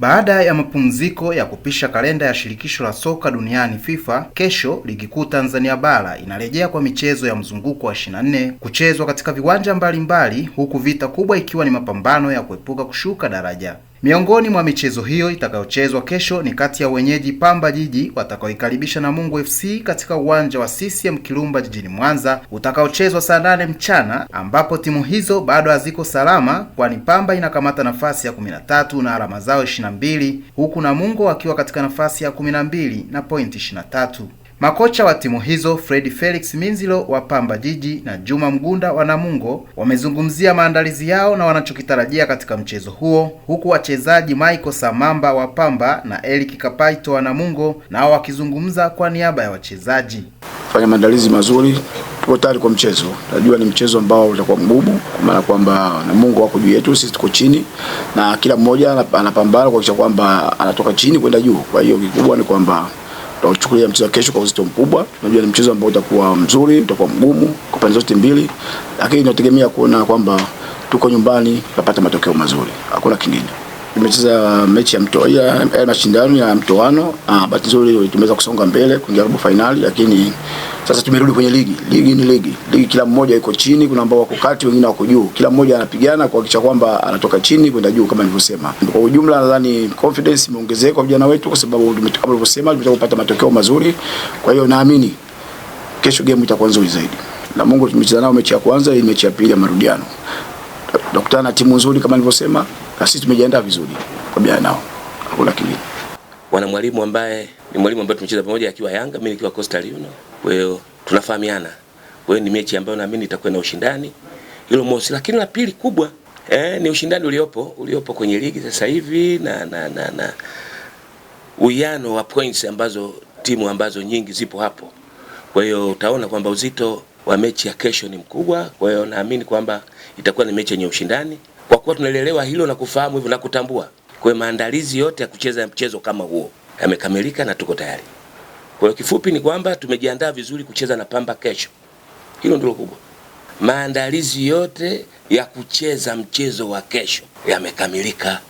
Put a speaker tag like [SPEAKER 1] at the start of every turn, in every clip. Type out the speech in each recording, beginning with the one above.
[SPEAKER 1] Baada ya mapumziko ya kupisha kalenda ya shirikisho la soka duniani FIFA, kesho ligi kuu Tanzania bara inarejea kwa michezo ya mzunguko wa 24 kuchezwa katika viwanja mbalimbali mbali, huku vita kubwa ikiwa ni mapambano ya kuepuka kushuka daraja. Miongoni mwa michezo hiyo itakayochezwa kesho ni kati ya wenyeji Pamba Jiji watakaoikaribisha Namungo FC katika uwanja wa CCM Kirumba jijini Mwanza utakaochezwa saa nane mchana ambapo timu hizo bado haziko salama kwani Pamba inakamata nafasi ya 13 na alama zao 22 huku Namungo wakiwa katika nafasi ya 12 na pointi 23. Makocha wa timu hizo Fred Felix Minzilo wa Pamba Jiji na Juma Mgunda wa Namungo wamezungumzia maandalizi yao na wanachokitarajia katika mchezo huo, huku wachezaji Michael Samamba wa Pamba na Eric Kapaito wa Namungo nao wakizungumza kwa niaba ya wachezaji. Fanya maandalizi mazuri, tuko tayari kwa mchezo. Najua ni mchezo ambao utakuwa mgumu, kwa maana kwamba Namungo wako juu yetu, sisi tuko chini, na kila mmoja anapambana kuhakikisha kwamba anatoka chini kwenda juu. Kwa hiyo kikubwa ni kwamba tutachukulia mchezo wa kesho kwa uzito mkubwa. Tunajua ni mchezo ambao utakuwa mzuri, utakuwa mgumu kwa pande zote mbili, lakini tunategemea kuona kwamba tuko nyumbani tutapata matokeo mazuri, hakuna kingine. Tumecheza uh, mechi ya mto ya eh, mashindano ya mtoano. Ah, bahati nzuri tumeweza kusonga mbele kuingia robo finali, lakini sasa tumerudi kwenye ligi. Ligi ni ligi. Ligi kila mmoja yuko chini, kuna ambao wako kati, wengine wako juu. Kila mmoja anapigana kuhakikisha kwamba anatoka chini kwenda juu kama nilivyosema. Kwa ujumla, nadhani confidence imeongezeka kwa vijana wetu kwa sababu tumetoka kama nilivyosema, tumetoka kupata matokeo mazuri. Kwa hiyo naamini kesho game itakuwa nzuri zaidi. Na Mungu tumecheza nao mechi ya kwanza, hii mechi ya pili ya marudiano. Tutakutana na timu nzuri kama nilivyosema na sisi tumejiandaa vizuri kukabiliana nao, hakuna kilio.
[SPEAKER 2] Wana mwalimu ambaye ni mwalimu ambaye tumecheza pamoja akiwa Yanga, mimi nikiwa Coastal Union, kwa hiyo tunafahamiana. Kwa hiyo ni mechi ambayo naamini itakuwa na ushindani, hilo mosi, lakini la pili kubwa eh, ni ushindani uliopo uliopo kwenye ligi sasa hivi na na na, na uwiano wa points ambazo timu ambazo nyingi zipo hapo. Kwa hiyo utaona kwamba uzito wa mechi ya kesho ni mkubwa. Kwa hiyo naamini kwamba itakuwa ni mechi yenye ushindani kwa kuwa tunalielewa hilo na kufahamu hivyo na kutambua, kwa maandalizi yote ya kucheza mchezo kama huo yamekamilika na tuko tayari. Kwa hiyo kifupi ni kwamba tumejiandaa vizuri kucheza na Pamba kesho, hilo ndilo kubwa. Maandalizi yote ya kucheza mchezo wa kesho yamekamilika.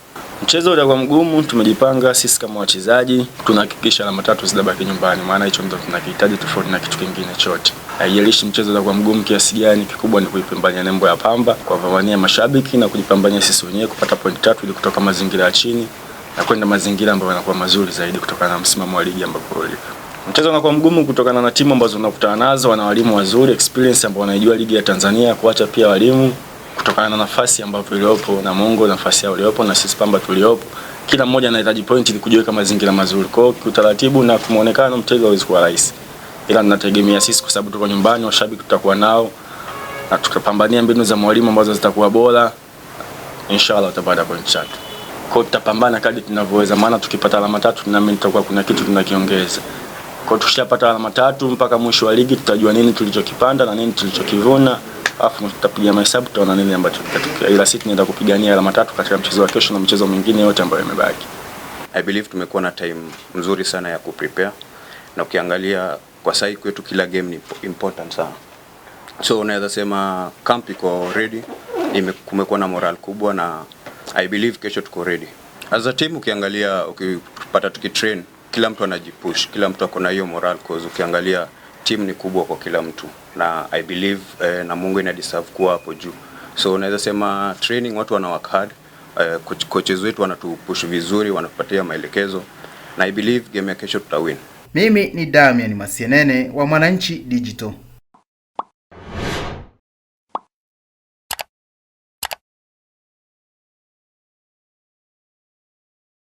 [SPEAKER 3] Mchezo utakuwa mgumu, tumejipanga sisi kama wachezaji, tunahakikisha alama tatu zidabaki nyumbani, maana hicho ndio tunakihitaji tofauti na kitu kingine chote haijalishi mchezo utakuwa mgumu kiasi gani, kikubwa ni kuipambania nembo ya Pamba, kuwapambania mashabiki na kujipambania sisi wenyewe kupata pointi tatu ili kutoka mazingira ya chini na kwenda mazingira ambayo yanakuwa mazuri zaidi kutokana na msimamo wa ligi ambapo ulipo. Mchezo unakuwa mgumu kutokana na timu ambazo unakutana nazo, wana walimu wazuri, experience ambao wanaijua ligi ya Tanzania, kuacha pia walimu kutokana na nafasi ambayo iliyopo na Mungu nafasi yao iliyopo na sisi Pamba tuliopo, kila mmoja anahitaji point ili kujiweka mazingira mazuri. Kwa hiyo kiutaratibu na kumuonekano mchezo hauwezi kuwa rahisi ila tunategemea sisi kwa sababu tuko nyumbani, washabiki tutakuwa nao na tukapambania mbinu za mwalimu ambazo zitakuwa bora. Inshallah utapata point tatu. Kwa tutapambana kadri tunavyoweza, maana tukipata alama tatu na mimi nitakuwa kuna kitu tunakiongeza. Kwa hiyo tukishapata alama tatu mpaka mwisho wa ligi tutajua nini tulichokipanda na nini tulichokivuna, afu tutapiga mahesabu tutaona nini ambacho kitatokea. Ila sisi tunaenda kupigania alama tatu katika mchezo wa kesho na mchezo mwingine yote ambayo imebaki.
[SPEAKER 4] I believe tumekuwa na time nzuri sana ya kuprepare na ukiangalia kwa sahi kwetu kila game ni important sana. So unaweza sema camp iko ready, kumekuwa na moral kubwa na I believe kesho tuko ready. As a team ukiangalia, ukipata tuki train, kila mtu anajipush, kila mtu ako na hiyo moral cause ukiangalia team ni kubwa kwa kila mtu na I believe eh, na Mungu ina deserve kuwa hapo juu. So unaweza sema training watu wana work hard, eh, coaches wetu wanatupush vizuri, wanatupatia maelekezo na I believe game ya kesho tutawin.
[SPEAKER 5] Mimi ni Damian Masienene wa Mwananchi Digital.